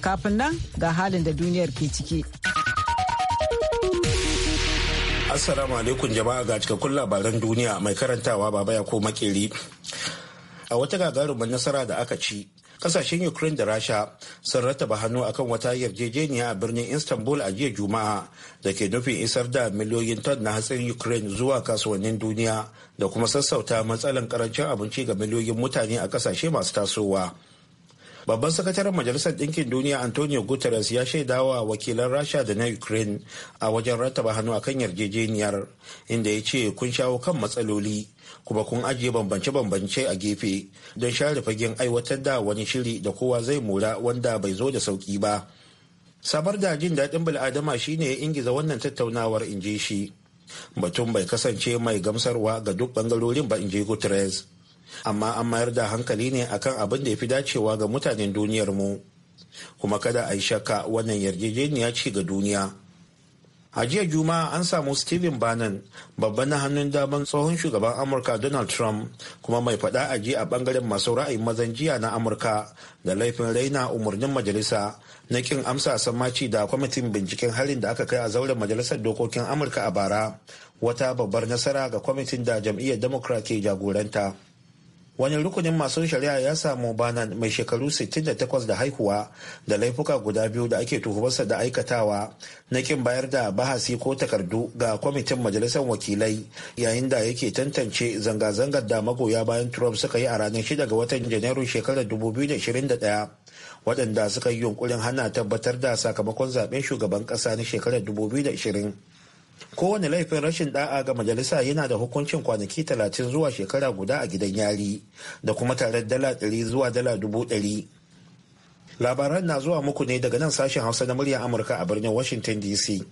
Kafin nan ga halin da duniyar ke ciki. Assalamu alaikum jama'a ga cikakkun labaran duniya mai karantawa baba ya koma makeri. A wata gagarumin nasara da aka ci, kasashen ukraine da rasha sun rataba hannu akan wata yarjejeniya a birnin istanbul a jiya juma'a da ke nufin isar da miliyoyin ton na hatsin ukraine zuwa kasuwannin duniya da kuma sassauta matsalan karancin abinci ga miliyoyin mutane a kasashe masu tasowa babban sakataren majalisar ɗinkin duniya antonio guterres ya shaida wa wakilan rasha da na ukraine a wajen rataba hannu a kan yarjejeniyar inda ya ce kun shawo kan matsaloli kuma kun ajiye bambance-bambance a gefe don share fagen aiwatar da wani shiri da kowa zai mura wanda bai zo da sauki ba sabar da jin daɗin bil'adama shine ya ingiza wannan tattaunawar in shi batun bai kasance mai gamsarwa ga duk bangarorin ba in je guterres amma an mayar da hankali ne akan abin da ya fi dacewa ga mutanen duniyar mu kuma kada a yi shakka wannan yarjejeniya ce ga duniya a jiya juma'a an samu stephen bannon babban na hannun daman tsohon shugaban amurka donald trump kuma mai faɗa a ji a bangaren masu ra'ayin mazan jiya na amurka da laifin raina umarnin majalisa na kin amsa sammaci da kwamitin binciken harin da aka kai a zauren majalisar dokokin amurka a bara wata babbar nasara ga kwamitin da jam'iyyar democrat ke jagoranta wani rukunin masu shari'a ya samu banan mai shekaru 68 da haihuwa da laifuka guda biyu da ake tuhumarsa da aikatawa na kin bayar da bahasi ko takardu ga kwamitin majalisar wakilai yayin da yake tantance zanga-zangar da magoya bayan trump suka yi a ranar 6 ga watan janairun shekarar 2021 waɗanda suka yi yunkurin hana tabbatar da sakamakon zaben shugaban ƙasa na shekarar 2020 kowane laifin rashin da'a ga majalisa yana da hukuncin kwanaki talatin zuwa shekara guda a gidan yari da kuma tare dala ɗari zuwa dala dubu ɗari labaran na zuwa muku ne daga nan sashen hausa na muryar amurka a birnin washington dc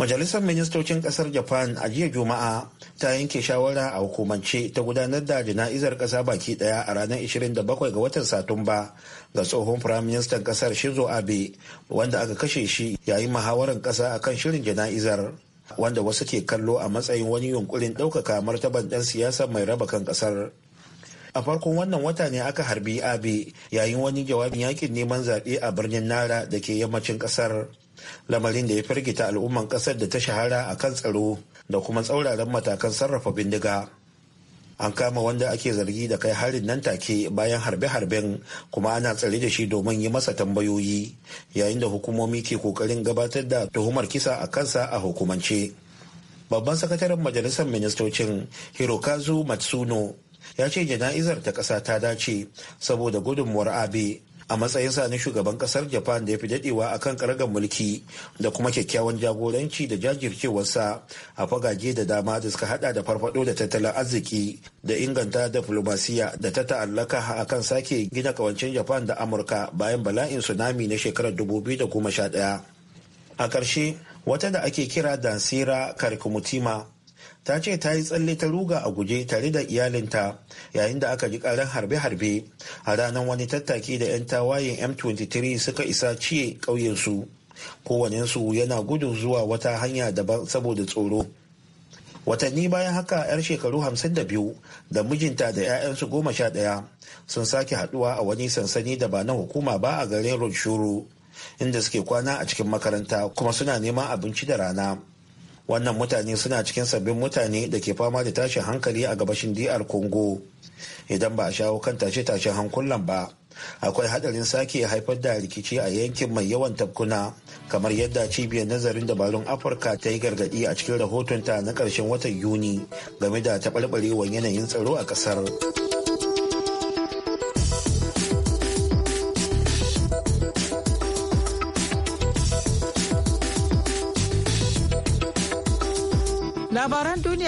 Majalisar Ministocin Kasar Japan a jiya Juma'a ta yanke shawara a hukumance ta gudanar da jana'izar ƙasa baki ɗaya a ranar 27 ga watan Satumba ga tsohon Firaministan ƙasar shizu Abe wanda aka kashe shi yayin muhawarar ƙasa akan shirin jana'izar. wanda wasu ke kallo a matsayin wani yunkurin ɗaukaka martaban ɗan siyasa mai raba kan ƙasar. A farkon wannan wata ne aka harbi Abe yayin wani jawabin yakin neman zaɓe a birnin Nara da ke yammacin ƙasar. lamarin da ya firgita al'umman kasar da ta shahara a kan tsaro da kuma tsauraran matakan sarrafa bindiga an kama wanda ake zargi da kai harin nan take bayan harbe-harben kuma ana tsare da shi domin yi masa tambayoyi yayin da hukumomi ke kokarin gabatar da tuhumar kisa a kansa a hukumance babban sakataren majalisar ministocin hirokazu matsuno ya ce jana'izar ta ƙasa ta dace saboda gudunmuwar abe a matsayinsa na shugaban kasar japan da ya fi dadewa a kan karagar mulki da kuma kyakkyawan jagoranci da jajircewarsa a fagage da dama da suka hada da farfado da tattalin arziki da inganta da diplomasiya da ta ta'allaka a kan sake gina kawancin japan da amurka bayan bala'in tsunami na shekarar 2011 a ƙarshe wata da ake kira dansira karikumutima ta ce ta yi tsalle ta ruga a guje tare da iyalinta yayin da aka ji karan harbe-harbe a ranar wani tattaki da 'yan tawayen m23 suka isa ciye ƙauyensu kowanensu yana gudun zuwa wata hanya daban saboda tsoro watanni bayan haka 'yar shekaru 52 da mijinta da 'ya'yansu goma sha ɗaya, sun sake haduwa a wani sansani da ba na hukuma ba a garin rochuru inda suke kwana a cikin makaranta kuma suna neman abinci da rana wannan mutane suna cikin sabbin mutane da ke fama da tashin hankali a gabashin dr congo idan ba a shawo kan tashe-tashen hankulan ba akwai hadarin sake haifar da rikici a yankin mai yawan tabkuna kamar yadda cibiyar nazarin dabarun afirka ta yi gargadi a cikin rahoton ta na karshen watan yuni game da taɓarɓarewar yanayin tsaro a ƙasar.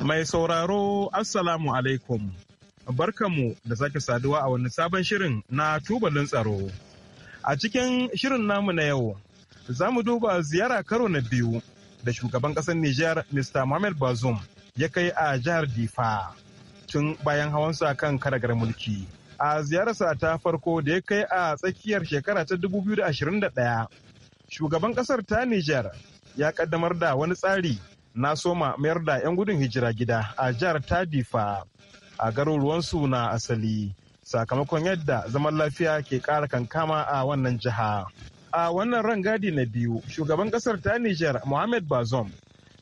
Mai sauraro Assalamu alaikum. Barkanmu da sake saduwa a wani sabon shirin na tubalin tsaro. A cikin shirin namu na yau, za mu duba ziyara karo na biyu da shugaban ƙasar Nijar Mr. Mohamed Bazoum ya kai a jihar Difa tun bayan hawansa kan karagar mulki. A ziyararsa ta farko da ya kai a tsakiyar shekara ta 2021, shugaban ƙasar ta Nijar ya ƙaddamar da wani tsari na soma mayar da 'yan gudun hijira gida a jihar tadifa a garuruwansu na asali sakamakon yadda zaman lafiya ke kara kankama a wannan jiha a wannan rangadi na biyu shugaban kasar ta nijar mohamed bazom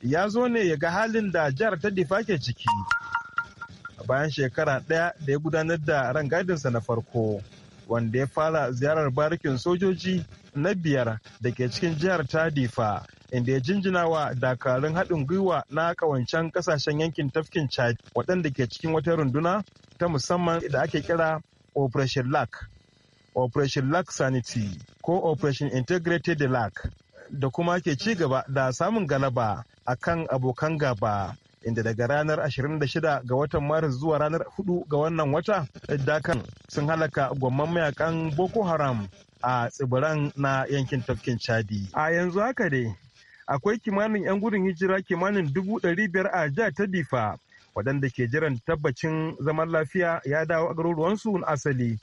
ya zo ne ya ga halin da jihar tadifa ke ciki bayan shekara ɗaya da ya gudanar da rangadinsa na farko wanda ya fara ziyarar barikin sojoji na biyar da ke cikin jihar tadifa inda ya jinjina wa dakarun haɗin gwiwa na kawancen kasashen yankin tafkin chad waɗanda ke cikin wata runduna ta musamman da ake kira operation lack operation lack sanity ko operation integrated lack da kuma ke ci gaba da samun galaba akan abokan gaba inda daga ranar 26 ga watan maris zuwa ranar 4 ga wannan wata dakan sun halaka gwamman mayakan boko haram a tsibiran na yankin tafkin chadi a yanzu haka dai akwai kimanin 'yan gudun hijira kimanin 500 a jiya ta difa waɗanda ke jiran tabbacin zaman lafiya ya dawo a garuruwansu asali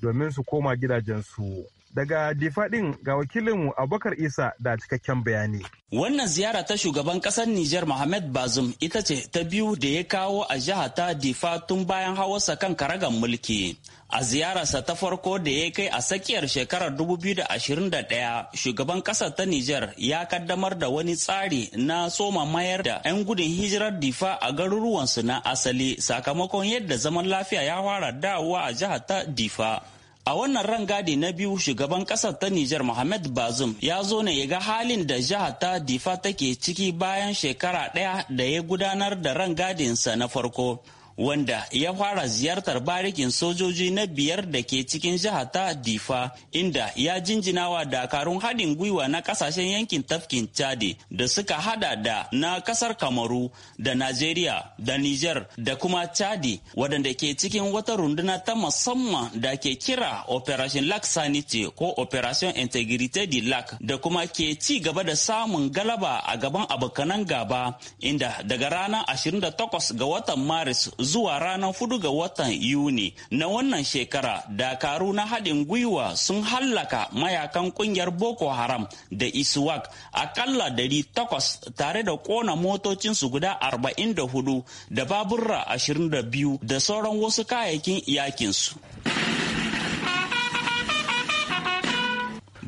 domin su koma gidajensu. Daga difaɗin ga wakilinmu Abubakar Isa da cikakken bayani. Wannan ziyara ta shugaban ƙasar Nijar Mohamed bazum ita ce ta biyu da ya kawo a jiha ta Difa tun bayan hawarsa kan karagan mulki. A ziyararsa ta farko da ya kai a tsakiyar shekarar 2021, shugaban ƙasar ta Nijar ya kaddamar da wani tsari na soma mayar da 'yan gudun hijirar Difa a garuruwansu na asali sakamakon yadda zaman lafiya ya fara dawowa a jihar ta Difa. A wannan rangadi na biyu shugaban kasar ta Nijar Mohamed Bazoum ya zo ne ya ga halin da jihar ta Difa take ciki bayan shekara ɗaya da ya gudanar da rangadinsa na farko. wanda ya fara ziyartar barikin sojoji na biyar da ke cikin jihar ta Difa inda ya jinjina wa dakarun haɗin gwiwa na kasashen yankin tafkin Chadi da suka hada da na kasar Kamaru da Nigeria da Niger da kuma Chadi waɗanda ke cikin wata runduna ta musamman da ke kira Operation Lac Sanity ko Operation Integrity di Lac da kuma ke ci gaba da samun galaba a gaban abokanan gaba inda daga ranar 28 ga watan Maris zuwa ranar hudu ga watan Yuni na wannan shekara dakaru na haɗin gwiwa sun hallaka mayakan ƙungiyar Boko Haram da Iswak akalla takwas tare da ƙona motocinsu guda 44 da baburra 22 da sauran wasu kayayyakin iyakinsu.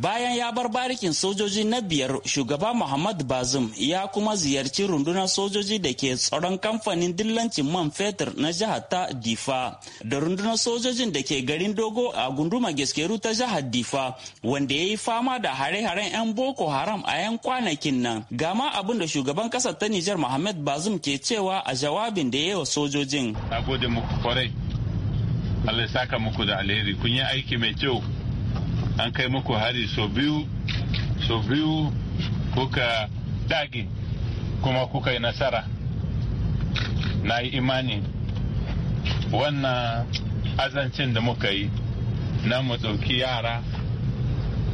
bayan ya bar barikin sojoji na biyar shugaba muhammad bazum ya kuma ziyarci rundunar sojoji da ke tsaron kamfanin dillancin man fetur na jihar ta difa da rundunar sojojin da ke garin dogo a gunduma gaskeru ta jihar difa wanda ya yi fama da hare-haren 'yan boko haram a 'yan kwanakin nan gama abin da shugaban kasar ta nijar muhammad bazum ke cewa a jawabin da ya yi wa sojojin. Allah ya saka muku da alheri kun yi aiki mai kyau an kai muku hari so biyu so biyu kuka dage kuma kuka yi nasara na yi imani wannan azancin da muka yi na mu yara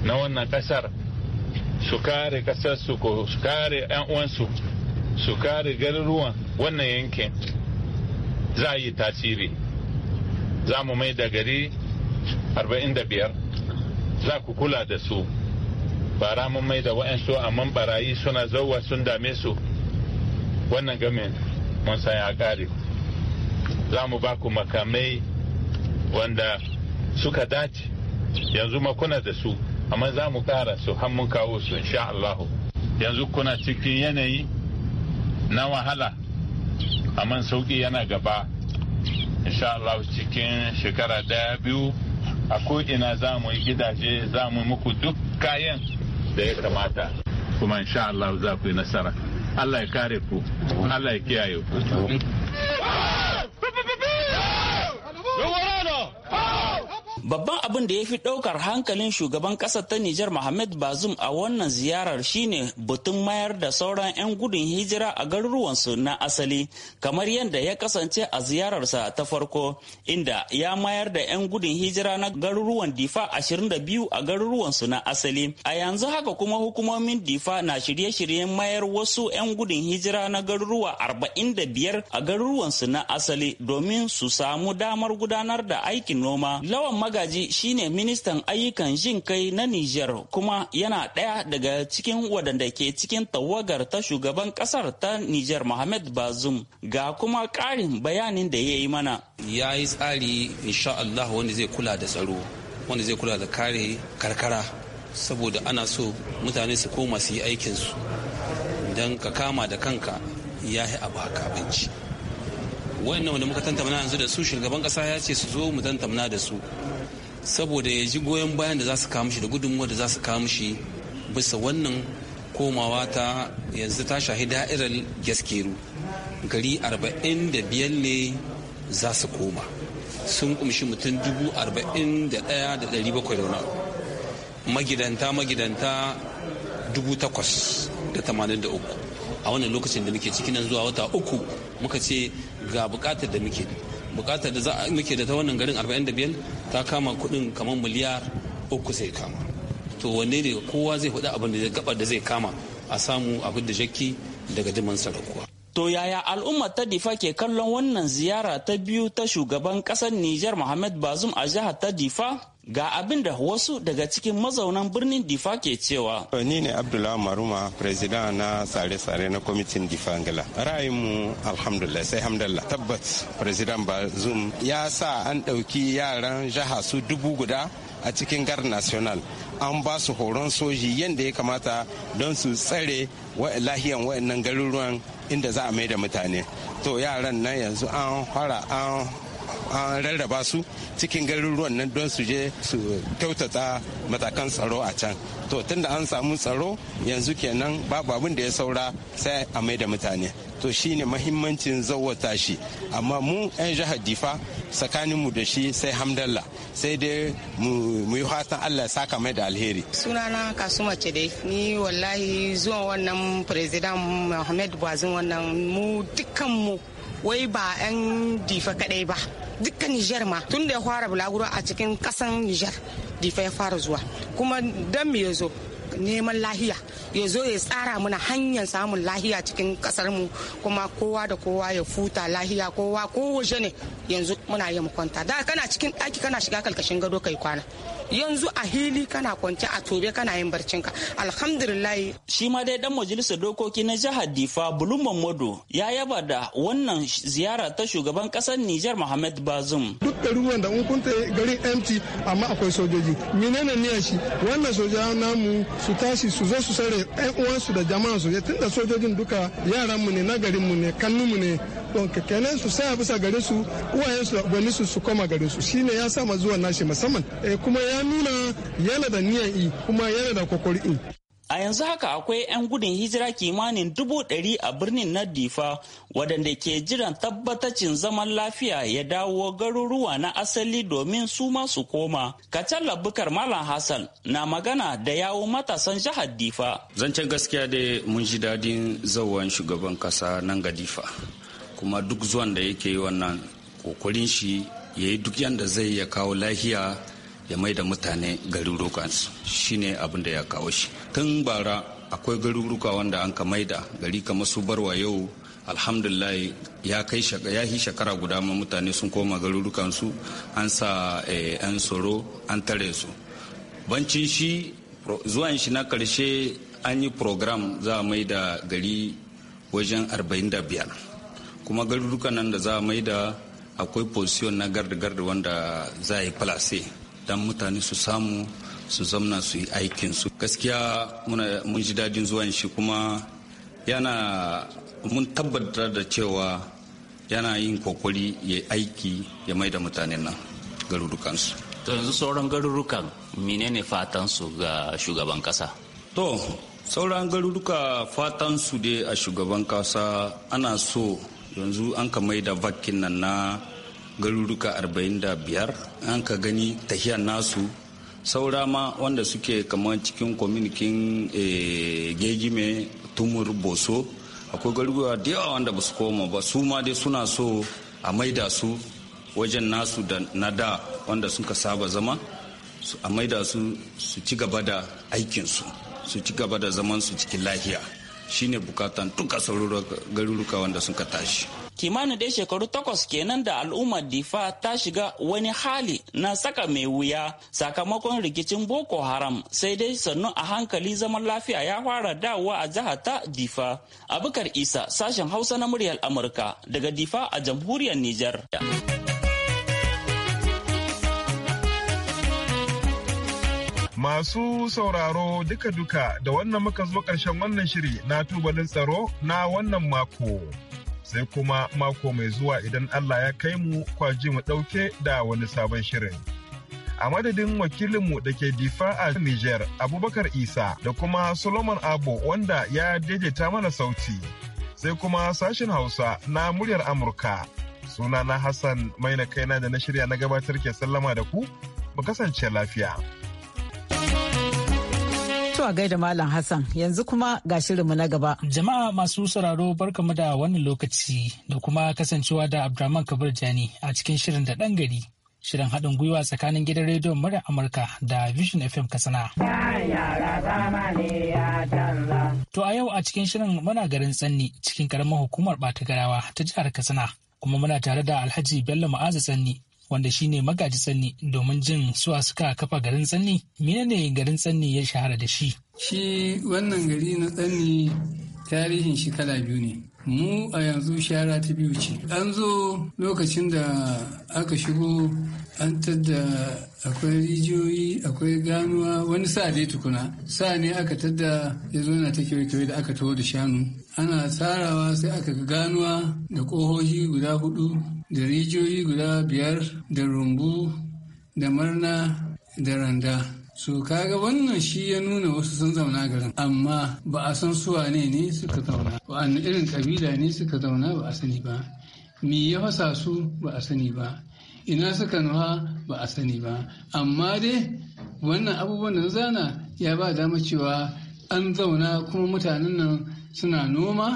na wannan ƙasar su kare ƙasar su kare uwansu su kare garuruwan wannan yankin za yi tasiri za mu mai da gari 45 za ku kula da su bara mun mai da wayansu amma barayi suna zauwa sun dame su wannan gamin mun san ya kare za mu ba ku makamai wanda suka dace yanzu makuna da su amma za mu kara su har mun kawo su insha Allah yanzu kuna cikin yanayi na wahala amma sauki yana gaba insha Allah cikin shekara daya biyu a ko'ina za mu yi gidaje za mu muku duk kayan da ya kamata kuma insha Allah za ku yi nasara Allah ya kare ku Allah ya kiyaye ku Babban abin da ya fi ɗaukar hankalin shugaban ƙasar ta Nijar Mohamed Bazoum a wannan ziyarar shine batun mayar da sauran 'yan gudun hijira a garuruwansu na asali, kamar yadda ya kasance a ziyararsa ta farko, inda ya mayar da 'yan gudun hijira na garuruwan Difa 22 a garuruwansu na asali. A yanzu haka kuma hukumomin Difa na shirye-shiryen mayar wasu 'yan gudun hijira na garuruwa 45 a garuruwansu na asali domin su samu damar gudanar da aikin noma. Lawan Magaji shine ministan ayyukan jin kai na Nijar kuma yana ɗaya daga cikin wadanda ke cikin tawagar ta shugaban ƙasar ta Nijar Mohamed bazum ga kuma karin bayanin da ya yi mana. Ya yi tsari insha Allah wanda zai kula da tsaro, wanda zai kula da kare karkara saboda ana so mutane su koma su yi aikinsu don ka kama da kanka ya yi abu haka abinci. wayannan wanda muka tantamna yanzu da su shugaban kasa ya ce su zo mu tantamna da su saboda ya ji goyon bayan da za su kamushi da gudunmuwa da za su kamushi bisa wannan komawa ta yanzu ta shahi da'irar gaskeru gari 45 ne za su koma sun kumshi mutum 41,700 magidanta magidanta 8,83 a wannan lokacin da muke cikin zuwa wata uku muka ce ga bukatar da muke bukatar da muke da ta wannan garin 45 ta kama kuɗin kamar miliyar uku sai kama to wanne ne kowa zai faɗi abin da zai gaba da zai kama a samu abin da shakki daga diman sarakuwa To yaya al'umma ta Difa ke kallon wannan ziyara ta biyu ta shugaban ƙasar Nijar Mohamed bazum a jihar ta Difa? Ga abin da wasu daga cikin mazaunan birnin Difa ke cewa. Ni ne Abdullahi Maruma, president na tsare-tsare na kwamitin Difa Angila. Ra'ayinmu alhamdulillah sai hamdallah. Tabbat president Bazum ya sa an ɗauki yaran jiha su dubu guda a cikin gar national an ba su horon soji yadda ya kamata don su tsare lahiyan waɗannan garuruwan inda za a mai da mutane to yaran nan yanzu an fara an an rarraba su cikin garuruwan nan don su je su kyautata matakan tsaro a can to tunda an samu tsaro yanzu kenan babu abin da ya saura sai a mai da mutane to shine mahimmancin zawata shi amma mu 'yan jihar difa tsakaninmu da shi sai hamdallah sai dai mu yi fatan allah saka mai da alheri sunana kasuma ce dai ni wallahi zuwa wannan president mohamed bazin wannan mu dukkanmu wai ba 'yan difa kadai ba dukkan nijar ma tun da ya fara bulaguro a cikin kasan nijar difa ya fara zuwa kuma don me ya zo neman lahiya ya zo ya tsara mana hanyar samun lahiya cikin kasar mu kuma kowa da kowa ya futa lahiya kowa ko ne yanzu muna yi kwanta da kana cikin ɗaki kana shiga kalkashin gado kai kwana yanzu a hili kana kwance a tobe kana yin barcinka alhamdulillah shi ma dai dan majalisar dokoki na jihar difa bulumman modo ya yaba da wannan ziyara ta shugaban kasar niger mohammed bazum duk da ruwan da kun ta garin empty amma akwai sojoji menene ne shi wannan soja namu su tashi su zo su sare yan uwansu da jama'a jama'ansu tunda sojojin duka yaran mu ne na garin mu ne kannu mu ne don kenan su sai bisa gare su uwayen su gwani su su koma gare su shine ya sa zuwa nashi musamman eh, kuma ya nuna yana da niyan yi kuma yana da kokori A yanzu haka akwai 'yan gudun hijira kimanin dubu ɗari a birnin na Difa waɗanda ke jiran tabbatacin zaman lafiya ya dawo garuruwa na asali domin su masu koma. Kacalla bukar Malam Hassan na magana da yawo matasan jihar Difa. Zancen gaskiya dai mun ji dadin zauwan shugaban kasa nan ga Difa. kuma duk zuwan da yake yi wannan kokarin shi ya yi duk yadda zai ya kawo lahiya ya mai da mutane shi shine abin da ya kawo shi tun bara akwai garuruka wanda an ka maida gari kamar su barwa yau alhamdulillah ya kai ya yi shekara guda ma mutane sun koma garurukansu an sa yan eh, tsoro an tare su bancin shi zuwan shi na karshe an yi program za a mai da gari wajen 45 kuma garurukan nan da za a maida akwai position na garda-garda wanda za a yi falase don mutane su samu su zamna su yi su. gaskiya mun ji dadin zuwan shi kuma yana mun tabbatar da cewa yana yin kokori ya aiki ya mai da mutanen nan garurukansu to yanzu sauran garurukan menene fatansu ga shugaban kasa to sauran garuruka fatansu dai a shugaban kasa ana so yanzu an ka mai da vakin nan na garuruka 45 an ka gani tahiyar nasu saura ma wanda suke kamar cikin kwaminikin eh, gegime tumur boso akwai garuruwa da yawa wanda ba su koma ba su ma dai suna so a maida su wajen nasu da na da wanda suka saba zama a maida su su ci gaba da aikinsu su ci gaba da zaman su cikin lahiya shine bukatan duka garuruka wanda suka tashi kimanin dai shekaru takwas kenan da al'ummar difa ta shiga wani hali na saka mai wuya sakamakon rikicin boko haram sai dai sannu a hankali zaman lafiya ya fara dawowa a jihar ta difa abukar isa sashen hausa na muryar amurka daga difa a jamhuriyar nijar. Masu sauraro duka-duka da wannan muka zo ƙarshen wannan shiri na tubalin tsaro na wannan mako. Sai kuma mako mai zuwa idan Allah ya kai mu kwaji mu ɗauke da wani sabon shirin. A madadin wakilinmu da ke difa a Niger, Abubakar Isa da kuma Solomon Abo wanda ya daidaita mana sauti. Sai kuma sashen Hausa na muryar Amurka. Sunana Hassan mai na kaina da na shirya na gabatar ke sallama da ku, mu kasance lafiya. a gaida Malam Hassan yanzu kuma ga shirinmu na gaba. Jama'a masu sauraro barkamu da wannan lokaci da kuma kasancewa da Abdurrahman Kabir Jani a cikin shirin da ɗan gari. Shirin haɗin gwiwa tsakanin gidan rediyon murar Amurka da Vision FM Katsina. To a yau a cikin shirin muna garin Tsanni cikin ƙaramin hukumar Batagarawa ta jihar Katsina. Kuma muna tare da Alhaji Bello Ma'azu Tsanni wanda shi ne magaji tsanni domin jin suwa suka kafa garin tsanni menene garin tsanni ya shahara da shi shi wannan gari na tsanni tarihin shi kala biyu ne mu a yanzu shara ta biyu ce an zo lokacin da aka shigo an tadda akwai rijiyoyi akwai ganuwa wani sa dai tukuna sa ne aka tadda ya zo na ta kewaye da aka taho da shanu ana tsarawa sai aka ga ganuwa da ƙohohi guda hudu da rijiyoyi guda biyar da rumbu da marna da randa so ka ga wannan shi ya nuna wasu sun zauna garin amma ba a san su ne ne suka zauna wa'annan irin kabila ne suka zauna ba a sani ba me ya fasa su ba a sani ba ina suka nuha ba a sani ba amma dai wannan abubuwan da zana ya ba dama cewa an zauna kuma mutanen nan suna noma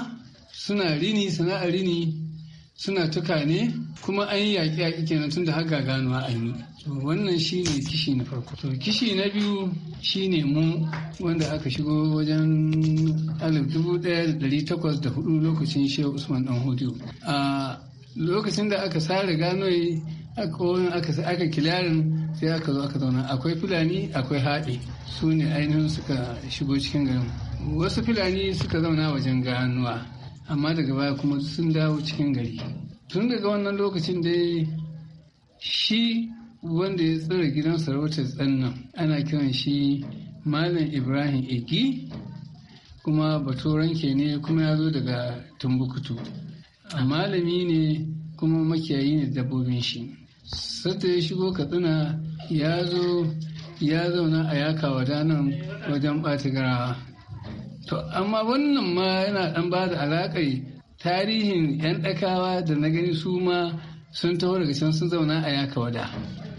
suna rini sana'ar rini suna tuka ne kuma an yi yaƙi yaƙi kenan tun da haka ganuwa a yi to wannan ne kishi na farko to kishi na biyu ne mu wanda aka shigo wajen alif dubu ɗaya da ɗari takwas da hudu lokacin shehu usman dan hudu a lokacin da aka sare ganoyi aka aka kilarin sai aka zo aka zauna akwai fulani akwai haɗe su ne ainihin suka shigo cikin garin wasu fulani suka zauna wajen ganuwa amma daga baya kuma sun dawo cikin gari tun daga wannan lokacin dai shi wanda ya tsira gidan sarautar tsannan ana kiran shi malam ibrahim igi kuma baturan ke ne kuma ya zo daga tumbuktu malami ne kuma makiyayi ne dabbobin shi sata ya shigo katsina ya zo ya zauna a yaka wadanan wajen ɓata garawa To amma wannan ma yana ɗan ba da alaƙai tarihin 'yan ɗakawa da na gani su ma sun taho daga can sun zauna a yaka wada.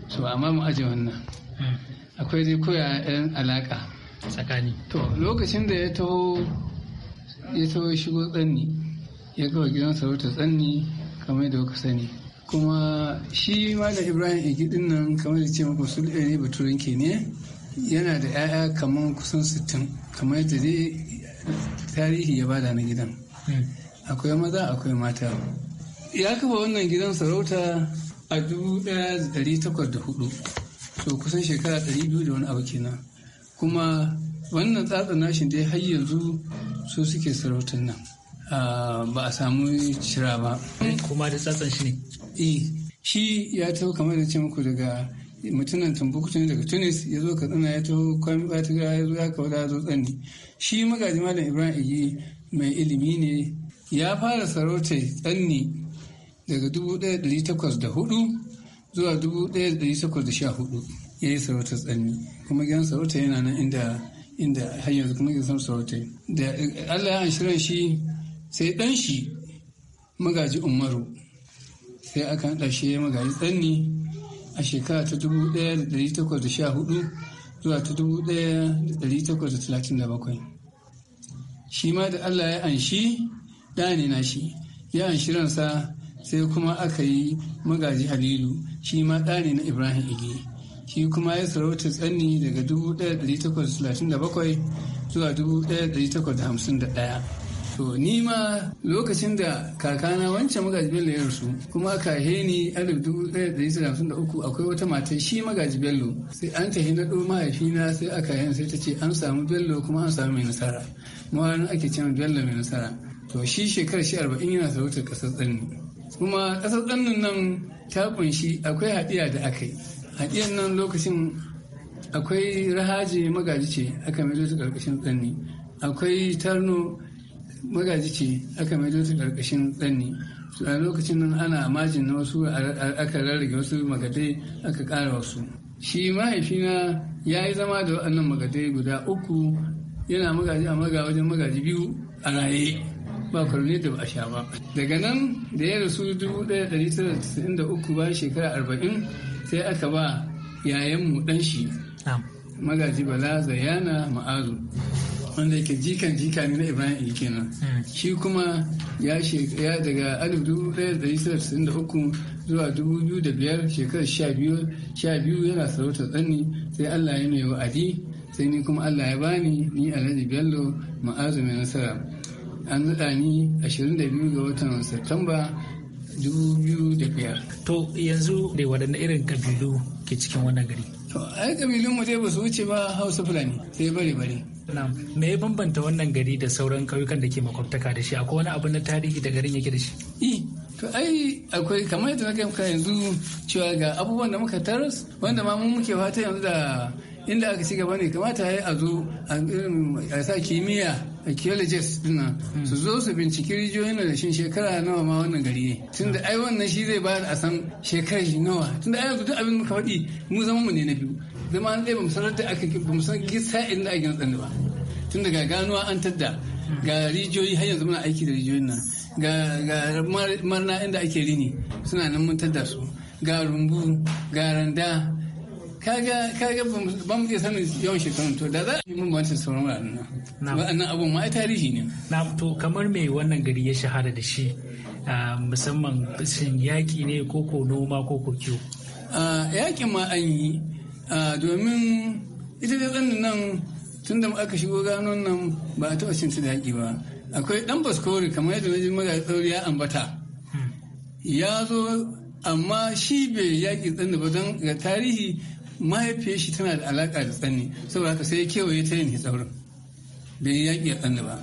So amma mu aje wannan. Hmm. Akwai zai koya 'yan alaƙa. Tsakani. To lokacin da ya taho ya taho shigo tsanni ya kawo gidan sarauta tsanni kamar da kuka sani. Kuma shi ma da Ibrahim Igidin nan kamar da ce maka sulɗe ne ba ke ne. yana da 'ya'ya kamar kusan sittin kamar yadda dai tarihi ya bada na gidan akwai maza akwai mata ya kafa wannan gidan sarauta a 1804 to kusan shekara 200 da wani abu kenan kuma wannan tsatsa nashin dai har yanzu su suke sarautar nan ah, ba a samu cira ba kuma da tsatsan shi ne eh, shi ya taho kamar da ce muku daga mutumin tumbuktu ne daga tunis ya zo ka tsana ya taho kwami gara ya zo ya kawo da zo tsanni shi magaji malam ibrahim igi mai ilimi ne ya fara sarauta tsanni daga 1804 zuwa 1814 ya yi sarautar tsanni kuma gidan sarauta yana nan inda inda har yanzu kuma gidan sarauta da allah ya shirin shi sai dan shi magaji umaru sai aka haɗa shi magaji tsanni a shekara ta 1814 zuwa ta 1837 shi ma da Allah ya anshi ɗa ne na shi ya anshi ransa sai kuma aka yi magaji halilu shi ma ɗa ne na ibrahim igi shi kuma ya sarauta tsanni daga 1837 zuwa 1851 To ni ma lokacin da kakana wancan magaji Bello ya rasu kuma kahe ni alif dubu ɗaya da yi hamsin da uku akwai wata mata shi magaji Bello sai an tafi na ɗo mahaifina sai aka yi sai ta ce an samu Bello kuma an samu mai nasara. Mawarin ake cewa Bello mai nasara. To shi shekarar shi arba'in yana sarautar ƙasar tsanni. Kuma ƙasar tsannin nan ta kunshi akwai haɗiya da aka yi. Haɗiyan nan lokacin akwai rahaje magaji ce aka mai ta ƙarƙashin tsanni. Akwai tarno magaji ce aka maido ta karkashin tsanni to a lokacin nan ana majin na wasu aka rarrage wasu magadai aka ƙara wasu shi mahaifina ya yi zama da waɗannan magadai guda uku yana magaji a maga wajen magaji biyu a raye ba kwarne da ba sha ba daga nan da ya rasu 1993 bayan shekara 40 sai aka ba yayanmu ɗan shi magaji bala zayana ma'azu wanda yake jikan jika ne na ibrahim ilkina hmm. shi kuma ya ya daga alif dubu da da zuwa dubu biyu da biyar shekarar sha biyu sha biyu yana sarauta tsanni sai allah ya mai wa'adi sai ni kuma allah ya bani ni alhaji bello ma'azu mai nasara an naɗa ni 22 ga watan Satamba 2005. To yanzu da waɗanne irin kabilu ke cikin wannan gari? ai kabilun mu dai ba su wuce ba Hausa Fulani sai bare bare. me ya bambanta wannan gari da sauran kauyukan da ke makwabtaka da shi akwai wani abu na tarihi da garin yake da shi i to ai akwai kamar yadda na kai yanzu cewa ga abubuwan da muka taras wanda ma mun muke fata yanzu da inda aka ci gaba ne kamata ya a zo a sa kimiyya archaeologists dina hmm. su zo su binciki rijiyoyin da shin shekara nawa ma wannan gari ne hmm. tunda ai wannan shi zai ba a san shekarar nawa tunda ai yanzu duk abin muka faɗi mu zama mu ne na biyu zama an ba bamu da aka ba san gisa inda ake na tsanni ba tun daga ganuwa an tadda ga rijiyoyi har yanzu muna aiki da rijiyoyin nan ga marna inda ake rini suna nan mun tadda su ga rumbu ga randa kaga kaga ba mu iya sanin yawan shekarun to da za a yi mun wancan sauran wuraren nan waɗannan abun ma tarihi ne na to kamar me wannan gari ya shahara da shi ah, musamman shin yaƙi ne ko ko noma ko ko kiwo ah, yaƙin ma an yi domin ita da tsanin nan tun da aka shigo ganon nan ba a taɓa cinta da haƙi ba akwai ɗan baskori kamar yadda wajen maga tsauri ya ambata ya zo amma shi bai yaƙi tsanin ba don ga tarihi mahaifiyar shi tana da alaƙa da tsanni saboda haka sai ya kewaye ta yin tsaurin bai yaƙi a tsanin ba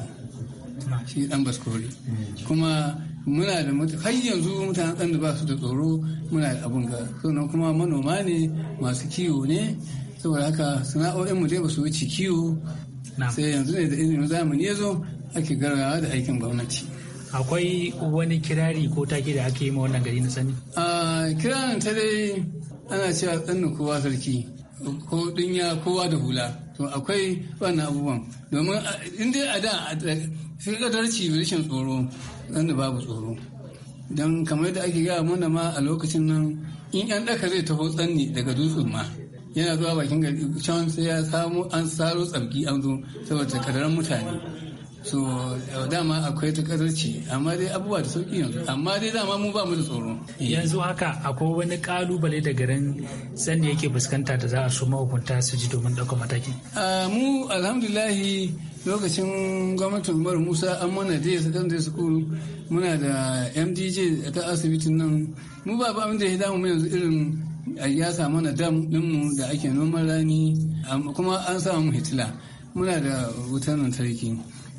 shi ɗan baskori mm. kuma muna da har yanzu mutanen tsan da ba su da tsoro muna da abun ga sannan kuma manoma ne masu kiwo ne saboda haka sana'o'in mu dai ba su wuce kiwo sai yanzu ne da ilimin zamani ya zo ake garawa da aikin gwamnati akwai wani kirari ko take da ake yi ma wannan gari na sani a ta dai ana cewa tsannin kowa sarki ko dinya kowa da hula to akwai wannan abubuwan domin in dai a da sai kadarci rashin tsoro da babu tsoro don kamar da ake gaya mana ma a lokacin nan in yan daka zai taho tsanni daga dutsen ma yana zuwa bakin gari can sai ya samu an saro tsarki an zo saboda kadaran mutane so eh, dama akwai takarci amma dai abubuwa da sauki yanzu amma dai dama mu ba mu da tsoro eh. yanzu haka akwai wani kalubale da garin sanda yake fuskanta da za a so mahukunta su ji domin ɗaukar mataki mu alhamdulahi lokacin gwamnatin umar musa an mana da ya secondary school muna da mdj ta asibitin nan mu ba ba da ya damu yanzu irin ya samu mana dam dinmu da ake noman rani kuma an samu hitila muna da wutar lantarki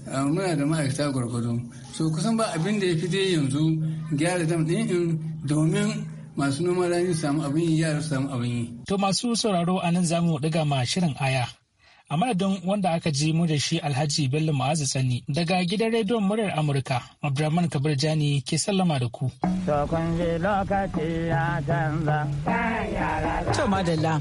muna da ma'aikata gwargwado so kusan ba abin da ya fi dai yanzu gyara dam ɗin in domin masu noman rani samu abin yi yara samu abin yi. to masu sauraro a nan zamu ɗiga ma shirin aya a madadin wanda aka ji mu da shi alhaji bello ma'azu sani daga gidan rediyon muryar amurka abdulrahman kabir jani ke sallama da ku to kun ji lokaci madalla